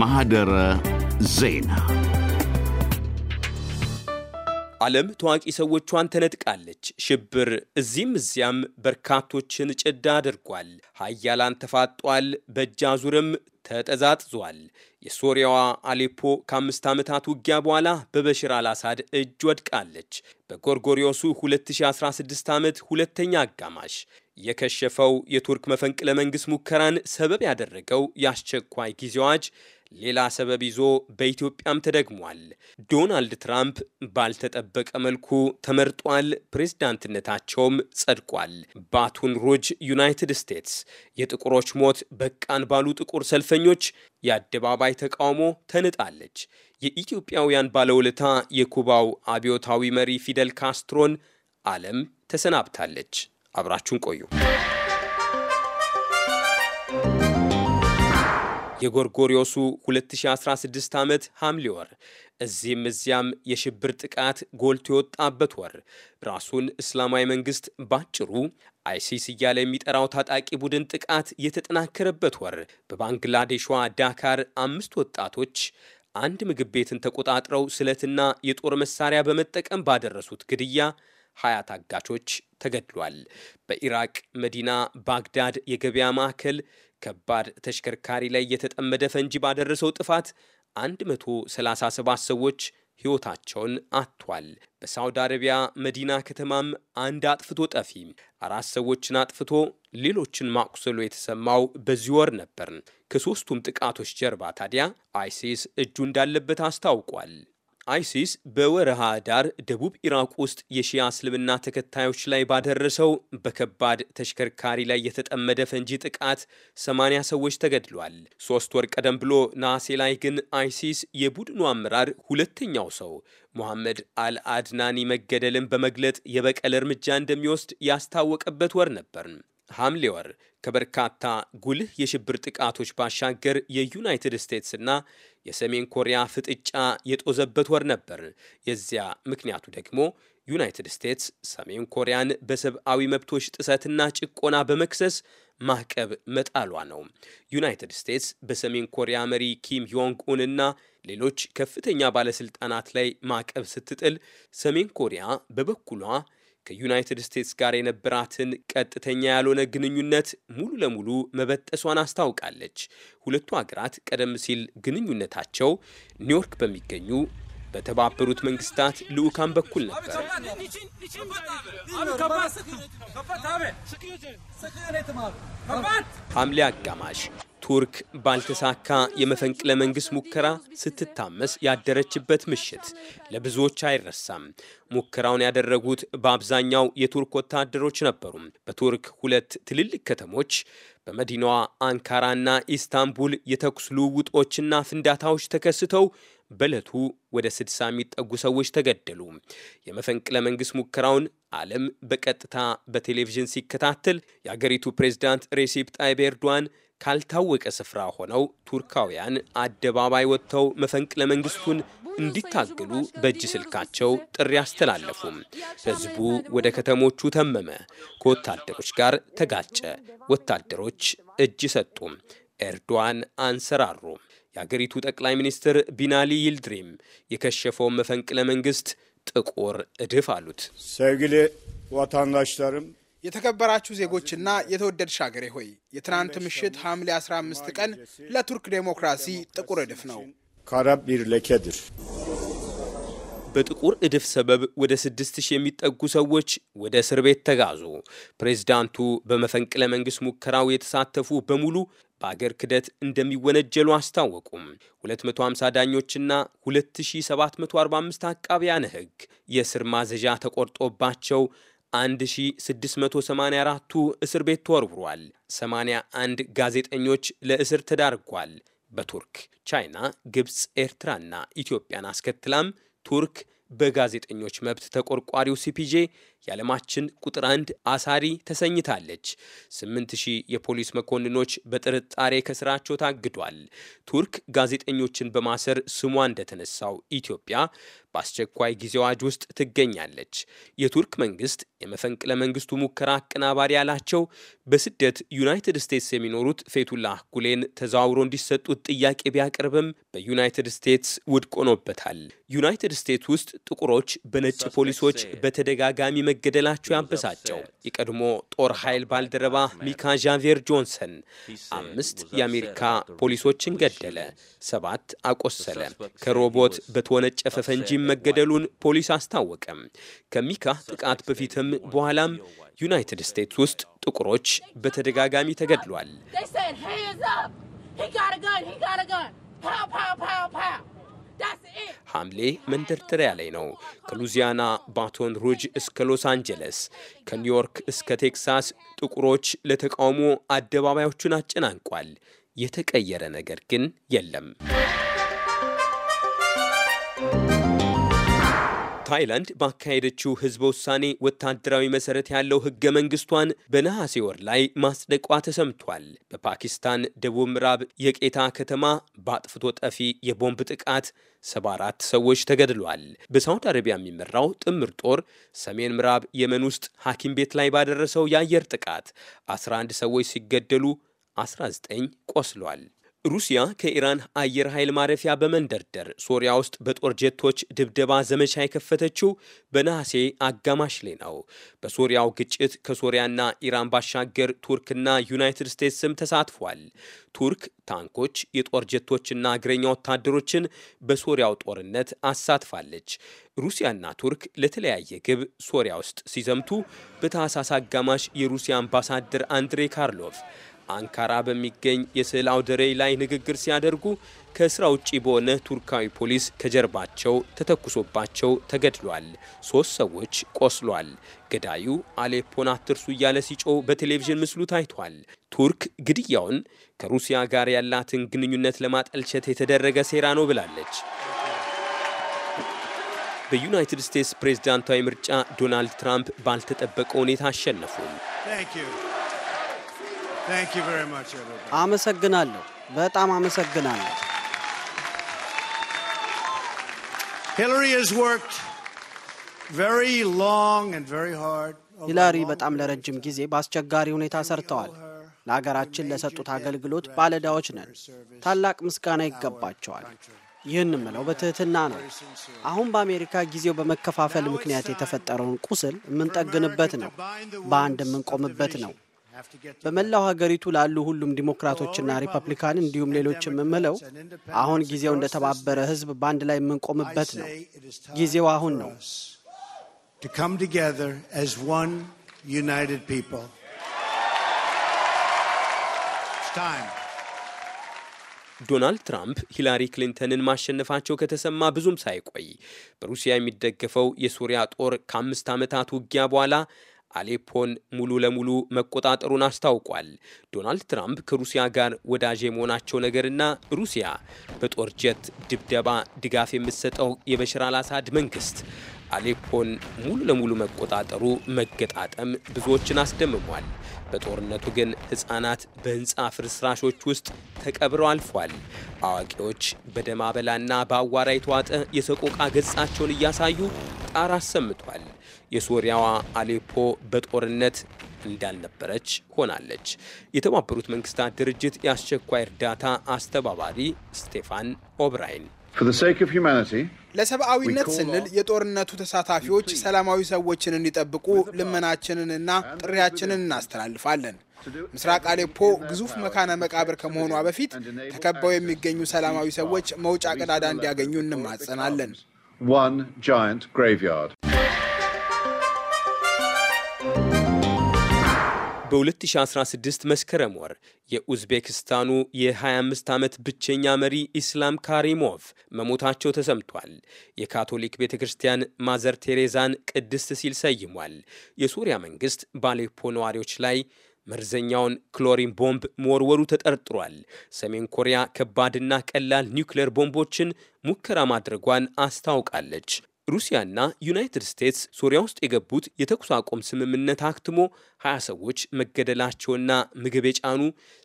ማህደረ ዜና ዓለም ታዋቂ ሰዎቿን ተነጥቃለች። ሽብር እዚህም እዚያም በርካቶችን ጭዳ አድርጓል። ሀያላን ተፋጧል፣ በእጅ አዙርም ተጠዛጥዟል። የሶሪያዋ አሌፖ ከአምስት ዓመታት ውጊያ በኋላ በበሽር አልአሳድ እጅ ወድቃለች። በጎርጎሪዮሱ 2016 ዓመት ሁለተኛ አጋማሽ የከሸፈው የቱርክ መፈንቅለ መንግስት ሙከራን ሰበብ ያደረገው የአስቸኳይ ጊዜ አዋጅ ሌላ ሰበብ ይዞ በኢትዮጵያም ተደግሟል። ዶናልድ ትራምፕ ባልተጠበቀ መልኩ ተመርጧል፣ ፕሬዝዳንትነታቸውም ጸድቋል። ባቱን ሩጅ ዩናይትድ ስቴትስ የጥቁሮች ሞት በቃን ባሉ ጥቁር ሰልፈኞች የአደባባይ ተቃውሞ ተንጣለች። የኢትዮጵያውያን ባለውለታ የኩባው አብዮታዊ መሪ ፊደል ካስትሮን ዓለም ተሰናብታለች። አብራችሁን ቆዩ። የጎርጎሪዮሱ 2016 ዓመት ሐምሌ ወር እዚህም እዚያም የሽብር ጥቃት ጎልቶ የወጣበት ወር፣ ራሱን እስላማዊ መንግስት ባጭሩ አይሲስ እያለ የሚጠራው ታጣቂ ቡድን ጥቃት የተጠናከረበት ወር፣ በባንግላዴሿ ዳካር አምስት ወጣቶች አንድ ምግብ ቤትን ተቆጣጥረው ስለትና የጦር መሳሪያ በመጠቀም ባደረሱት ግድያ ሀያ ታጋቾች ተገድሏል። በኢራቅ መዲና ባግዳድ የገበያ ማዕከል ከባድ ተሽከርካሪ ላይ የተጠመደ ፈንጂ ባደረሰው ጥፋት 137 ሰዎች ሕይወታቸውን አጥቷል። በሳውዲ አረቢያ መዲና ከተማም አንድ አጥፍቶ ጠፊ አራት ሰዎችን አጥፍቶ ሌሎችን ማቁሰሉ የተሰማው በዚህ ወር ነበር። ከሦስቱም ጥቃቶች ጀርባ ታዲያ አይሲስ እጁ እንዳለበት አስታውቋል። አይሲስ በወረሃ ዳር ደቡብ ኢራቅ ውስጥ የሺያ እስልምና ተከታዮች ላይ ባደረሰው በከባድ ተሽከርካሪ ላይ የተጠመደ ፈንጂ ጥቃት 80 ሰዎች ተገድሏል። ሶስት ወር ቀደም ብሎ ነሐሴ ላይ ግን አይሲስ የቡድኑ አመራር ሁለተኛው ሰው ሞሐመድ አልአድናኒ መገደልን በመግለጥ የበቀል እርምጃ እንደሚወስድ ያስታወቀበት ወር ነበርን። ሐምሌ ወር ከበርካታ ጉልህ የሽብር ጥቃቶች ባሻገር የዩናይትድ ስቴትስና የሰሜን ኮሪያ ፍጥጫ የጦዘበት ወር ነበር። የዚያ ምክንያቱ ደግሞ ዩናይትድ ስቴትስ ሰሜን ኮሪያን በሰብአዊ መብቶች ጥሰትና ጭቆና በመክሰስ ማዕቀብ መጣሏ ነው። ዩናይትድ ስቴትስ በሰሜን ኮሪያ መሪ ኪም ዮንግ ኡንና ሌሎች ከፍተኛ ባለስልጣናት ላይ ማዕቀብ ስትጥል ሰሜን ኮሪያ በበኩሏ ከዩናይትድ ስቴትስ ጋር የነበራትን ቀጥተኛ ያልሆነ ግንኙነት ሙሉ ለሙሉ መበጠሷን አስታውቃለች። ሁለቱ ሀገራት ቀደም ሲል ግንኙነታቸው ኒውዮርክ በሚገኙ በተባበሩት መንግስታት ልዑካን በኩል ነበር። ሐምሌ አጋማሽ ቱርክ ባልተሳካ የመፈንቅለ መንግስት ሙከራ ስትታመስ ያደረችበት ምሽት ለብዙዎች አይረሳም። ሙከራውን ያደረጉት በአብዛኛው የቱርክ ወታደሮች ነበሩ። በቱርክ ሁለት ትልልቅ ከተሞች በመዲናዋ አንካራና ኢስታንቡል የተኩስ ልውውጦችና ፍንዳታዎች ተከስተው በዕለቱ ወደ ስድሳ የሚጠጉ ሰዎች ተገደሉ። የመፈንቅለ መንግስት ሙከራውን ዓለም በቀጥታ በቴሌቪዥን ሲከታተል የአገሪቱ ፕሬዝዳንት ሬሴፕ ጣይብ ኤርዶዋን ካልታወቀ ስፍራ ሆነው ቱርካውያን አደባባይ ወጥተው መፈንቅለ መንግስቱን እንዲታገሉ በእጅ ስልካቸው ጥሪ አስተላለፉም። ህዝቡ ወደ ከተሞቹ ተመመ፣ ከወታደሮች ጋር ተጋጨ፣ ወታደሮች እጅ ሰጡ፣ ኤርዶዋን አንሰራሩ። የአገሪቱ ጠቅላይ ሚኒስትር ቢናሊ ይልድሪም የከሸፈውን መፈንቅለ መንግስት ጥቁር እድፍ አሉት። ሰግሌ ዋታንዳሽታርም የተከበራችሁ ዜጎችና የተወደድሽ ሀገሬ ሆይ የትናንት ምሽት ሐምሌ 15 ቀን ለቱርክ ዴሞክራሲ ጥቁር እድፍ ነው። በጥቁር እድፍ ሰበብ ወደ ስድስት ሺህ የሚጠጉ ሰዎች ወደ እስር ቤት ተጋዙ። ፕሬዝዳንቱ በመፈንቅለ መንግሥት ሙከራው የተሳተፉ በሙሉ በአገር ክደት እንደሚወነጀሉ አስታወቁም። 250 ዳኞችና 2745 አቃቢያነ ሕግ የእስር ማዘዣ ተቆርጦባቸው 1684ቱ እስር ቤት ተወርውሯል። 81 ጋዜጠኞች ለእስር ተዳርጓል። በቱርክ ቻይና፣ ግብፅ፣ ኤርትራና ኢትዮጵያን አስከትላም ቱርክ በጋዜጠኞች መብት ተቆርቋሪው ሲፒጄ የዓለማችን ቁጥር አንድ አሳሪ ተሰኝታለች። ስምንት ሺህ የፖሊስ መኮንኖች በጥርጣሬ ከስራቸው ታግዷል። ቱርክ ጋዜጠኞችን በማሰር ስሟ እንደተነሳው ኢትዮጵያ በአስቸኳይ ጊዜ አዋጅ ውስጥ ትገኛለች። የቱርክ መንግስት የመፈንቅለ መንግስቱ ሙከራ አቀናባሪ ያላቸው በስደት ዩናይትድ ስቴትስ የሚኖሩት ፌቱላህ ጉሌን ተዘዋውሮ እንዲሰጡት ጥያቄ ቢያቀርብም በዩናይትድ ስቴትስ ውድቅ ሆኖበታል። ዩናይትድ ስቴትስ ውስጥ ጥቁሮች በነጭ ፖሊሶች በተደጋጋሚ መ መገደላቸው ያበሳጨው የቀድሞ ጦር ኃይል ባልደረባ ሚካ ዣቬር ጆንሰን አምስት የአሜሪካ ፖሊሶችን ገደለ፣ ሰባት አቆሰለ። ከሮቦት በተወነጨፈ ፈንጂ መገደሉን ፖሊስ አስታወቀም። ከሚካ ጥቃት በፊትም በኋላም ዩናይትድ ስቴትስ ውስጥ ጥቁሮች በተደጋጋሚ ተገድሏል። ሐምሌ መንደርደሪያ ላይ ነው። ከሉዚያና ባቶን ሩጅ እስከ ሎስ አንጀለስ፣ ከኒውዮርክ እስከ ቴክሳስ ጥቁሮች ለተቃውሞ አደባባዮቹን አጨናንቋል። የተቀየረ ነገር ግን የለም። ታይላንድ ባካሄደችው ህዝበ ውሳኔ ወታደራዊ መሰረት ያለው ህገ መንግስቷን በነሐሴ ወር ላይ ማጽደቋ ተሰምቷል። በፓኪስታን ደቡብ ምዕራብ የቄታ ከተማ በአጥፍቶ ጠፊ የቦምብ ጥቃት 74 ሰዎች ተገድሏል። በሳውዲ አረቢያ የሚመራው ጥምር ጦር ሰሜን ምዕራብ የመን ውስጥ ሐኪም ቤት ላይ ባደረሰው የአየር ጥቃት 11 ሰዎች ሲገደሉ 19 ቆስሏል። ሩሲያ ከኢራን አየር ኃይል ማረፊያ በመንደርደር ሶሪያ ውስጥ በጦር ጀቶች ድብደባ ዘመቻ የከፈተችው በነሐሴ አጋማሽ ላይ ነው። በሶሪያው ግጭት ከሶሪያና ኢራን ባሻገር ቱርክና ዩናይትድ ስቴትስም ተሳትፏል። ቱርክ ታንኮች፣ የጦር ጀቶችና እግረኛ ወታደሮችን በሶሪያው ጦርነት አሳትፋለች። ሩሲያና ቱርክ ለተለያየ ግብ ሶሪያ ውስጥ ሲዘምቱ በታህሳስ አጋማሽ የሩሲያ አምባሳደር አንድሬ ካርሎቭ አንካራ በሚገኝ የስዕል አውደ ርዕይ ላይ ንግግር ሲያደርጉ ከስራ ውጪ በሆነ ቱርካዊ ፖሊስ ከጀርባቸው ተተኩሶባቸው ተገድሏል። ሶስት ሰዎች ቆስሏል። ገዳዩ አሌፖን አትርሱ እያለ ሲጮ በቴሌቪዥን ምስሉ ታይቷል። ቱርክ ግድያውን ከሩሲያ ጋር ያላትን ግንኙነት ለማጠልቸት የተደረገ ሴራ ነው ብላለች። በዩናይትድ ስቴትስ ፕሬዝዳንታዊ ምርጫ ዶናልድ ትራምፕ ባልተጠበቀ ሁኔታ አሸነፉም። አመሰግናለሁ። በጣም አመሰግናለሁ። ሂላሪ በጣም ለረጅም ጊዜ በአስቸጋሪ ሁኔታ ሰርተዋል። ለሀገራችን ለሰጡት አገልግሎት ባለዕዳዎች ነን። ታላቅ ምስጋና ይገባቸዋል። ይህን ምለው በትህትና ነው። አሁን በአሜሪካ ጊዜው በመከፋፈል ምክንያት የተፈጠረውን ቁስል የምንጠግንበት ነው፣ በአንድ የምንቆምበት ነው። በመላው ሀገሪቱ ላሉ ሁሉም ዲሞክራቶችና ሪፐብሊካን እንዲሁም ሌሎች የምምለው አሁን ጊዜው እንደተባበረ ህዝብ በአንድ ላይ የምንቆምበት ነው። ጊዜው አሁን ነው። ዶናልድ ትራምፕ ሂላሪ ክሊንተንን ማሸነፋቸው ከተሰማ ብዙም ሳይቆይ በሩሲያ የሚደገፈው የሱሪያ ጦር ከአምስት ዓመታት ውጊያ በኋላ አሌፖን ሙሉ ለሙሉ መቆጣጠሩን አስታውቋል። ዶናልድ ትራምፕ ከሩሲያ ጋር ወዳጅ የመሆናቸው ነገርና ሩሲያ በጦር ጀት ድብደባ ድጋፍ የምትሰጠው የበሽር አላሳድ መንግስት አሌፖን ሙሉ ለሙሉ መቆጣጠሩ መገጣጠም ብዙዎችን አስደምሟል። በጦርነቱ ግን ሕፃናት በሕንፃ ፍርስራሾች ውስጥ ተቀብረው አልፏል። አዋቂዎች በደም አበላና በአዋራ የተዋጠ የሰቆቃ ገጻቸውን እያሳዩ ጣር አሰምቷል። የሶሪያዋ አሌፖ በጦርነት እንዳልነበረች ሆናለች። የተባበሩት መንግስታት ድርጅት የአስቸኳይ እርዳታ አስተባባሪ ስቴፋን ኦብራይን ለሰብአዊነት ስንል የጦርነቱ ተሳታፊዎች ሰላማዊ ሰዎችን እንዲጠብቁ ልመናችንንና ጥሪያችንን እናስተላልፋለን። ምስራቅ አሌፖ ግዙፍ መካነ መቃብር ከመሆኗ በፊት ተከበው የሚገኙ ሰላማዊ ሰዎች መውጫ ቀዳዳ እንዲያገኙ እንማጸናለን። በ2016 መስከረም ወር የኡዝቤክስታኑ የ25 ዓመት ብቸኛ መሪ ኢስላም ካሪሞቭ መሞታቸው ተሰምቷል። የካቶሊክ ቤተ ክርስቲያን ማዘር ቴሬዛን ቅድስት ሲል ሰይሟል። የሱሪያ መንግስት ባሌፖ ነዋሪዎች ላይ መርዘኛውን ክሎሪን ቦምብ መወርወሩ ተጠርጥሯል። ሰሜን ኮሪያ ከባድና ቀላል ኒውክሌር ቦምቦችን ሙከራ ማድረጓን አስታውቃለች። ሩሲያና ዩናይትድ ስቴትስ ሶሪያ ውስጥ የገቡት የተኩስ አቁም ስምምነት አክትሞ 20 ሰዎች መገደላቸውና ምግብ የጫኑ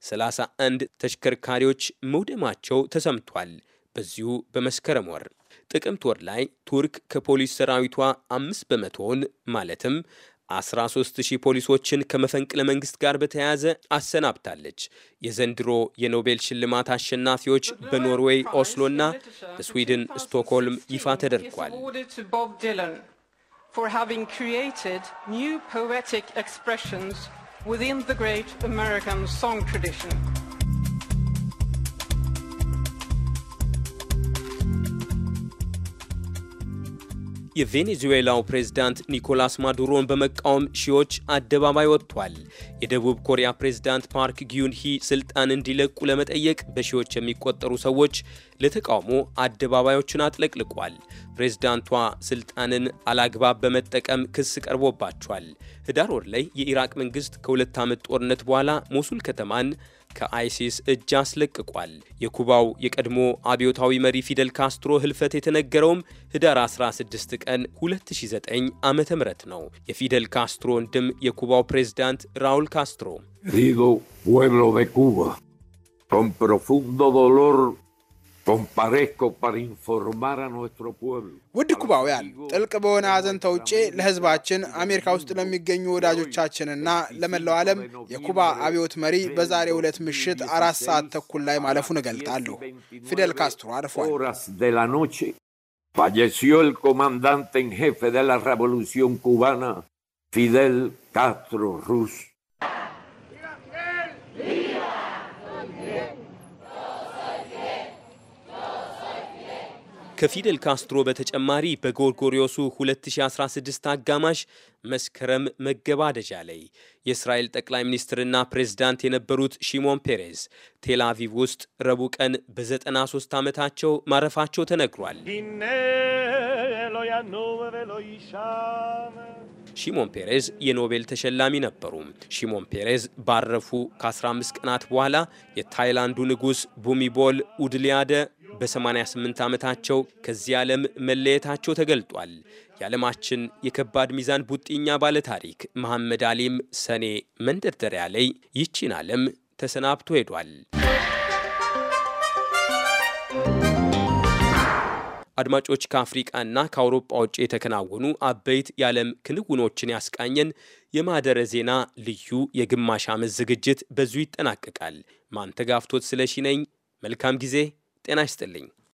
31 ተሽከርካሪዎች መውደማቸው ተሰምቷል። በዚሁ በመስከረም ወር ጥቅምት ወር ላይ ቱርክ ከፖሊስ ሰራዊቷ አምስት በመቶውን ማለትም 13,000 ፖሊሶችን ከመፈንቅለ መንግስት ጋር በተያያዘ አሰናብታለች። የዘንድሮ የኖቤል ሽልማት አሸናፊዎች በኖርዌይ ኦስሎና በስዊድን ስቶክሆልም ይፋ ተደርጓል። within the great American song tradition. የቬኔዙዌላው ፕሬዝዳንት ኒኮላስ ማዱሮን በመቃወም ሺዎች አደባባይ ወጥቷል። የደቡብ ኮሪያ ፕሬዝዳንት ፓርክ ጊዩንሂ ስልጣን እንዲለቁ ለመጠየቅ በሺዎች የሚቆጠሩ ሰዎች ለተቃውሞ አደባባዮችን አጥለቅልቋል። ፕሬዝዳንቷ ስልጣንን አላግባብ በመጠቀም ክስ ቀርቦባቸዋል። ህዳር ወር ላይ የኢራቅ መንግስት ከሁለት ዓመት ጦርነት በኋላ ሞሱል ከተማን ከአይሲስ እጅ አስለቅቋል። የኩባው የቀድሞ አብዮታዊ መሪ ፊደል ካስትሮ ህልፈት የተነገረውም ህዳር 16 ቀን 2009 ዓ ም ነው። የፊደል ካስትሮ ወንድም የኩባው ፕሬዝዳንት ራውል ካስትሮ ፑብሎ ውድ ኩባውያን ጥልቅ በሆነ ሐዘን ተውጬ ለሕዝባችን አሜሪካ ውስጥ ለሚገኙ ወዳጆቻችንና ለመላው ዓለም የኩባ አብዮት መሪ በዛሬ ዕለት ምሽት አራት ሰዓት ተኩል ላይ ማለፉን እገልጣለሁ። ፊደል ካስትሮ አርፏል። Falleció el comandante en jefe de la ሬቮሉሲዮን ኩባና ፊደል ካስትሮ ሩስ። ከፊደል ካስትሮ በተጨማሪ በጎርጎሪዮሱ 2016 አጋማሽ መስከረም መገባደጃ ላይ የእስራኤል ጠቅላይ ሚኒስትርና ፕሬዝዳንት የነበሩት ሺሞን ፔሬዝ ቴል ውስጥ ረቡዕ ቀን በ93 ዓመታቸው ማረፋቸው ተነግሯል። ሺሞን ፔሬዝ የኖቤል ተሸላሚ ነበሩ። ሺሞን ፔሬዝ ባረፉ ከ15 ቀናት በኋላ የታይላንዱ ንጉሥ ቡሚቦል ኡድሊያደ በ88 ዓመታቸው ከዚህ ዓለም መለየታቸው ተገልጧል። የዓለማችን የከባድ ሚዛን ቡጢኛ ባለታሪክ መሐመድ አሊም ሰኔ መንደርደሪያ ላይ ይቺን ዓለም ተሰናብቶ ሄዷል። አድማጮች ከአፍሪቃና ከአውሮፓ ውጭ የተከናወኑ አበይት የዓለም ክንውኖችን ያስቃኘን የማህደረ ዜና ልዩ የግማሽ ዓመት ዝግጅት በዙ ይጠናቀቃል። ማንተጋፍቶት ስለሺ ነኝ። መልካም ጊዜ። ጤና ይስጥልኝ።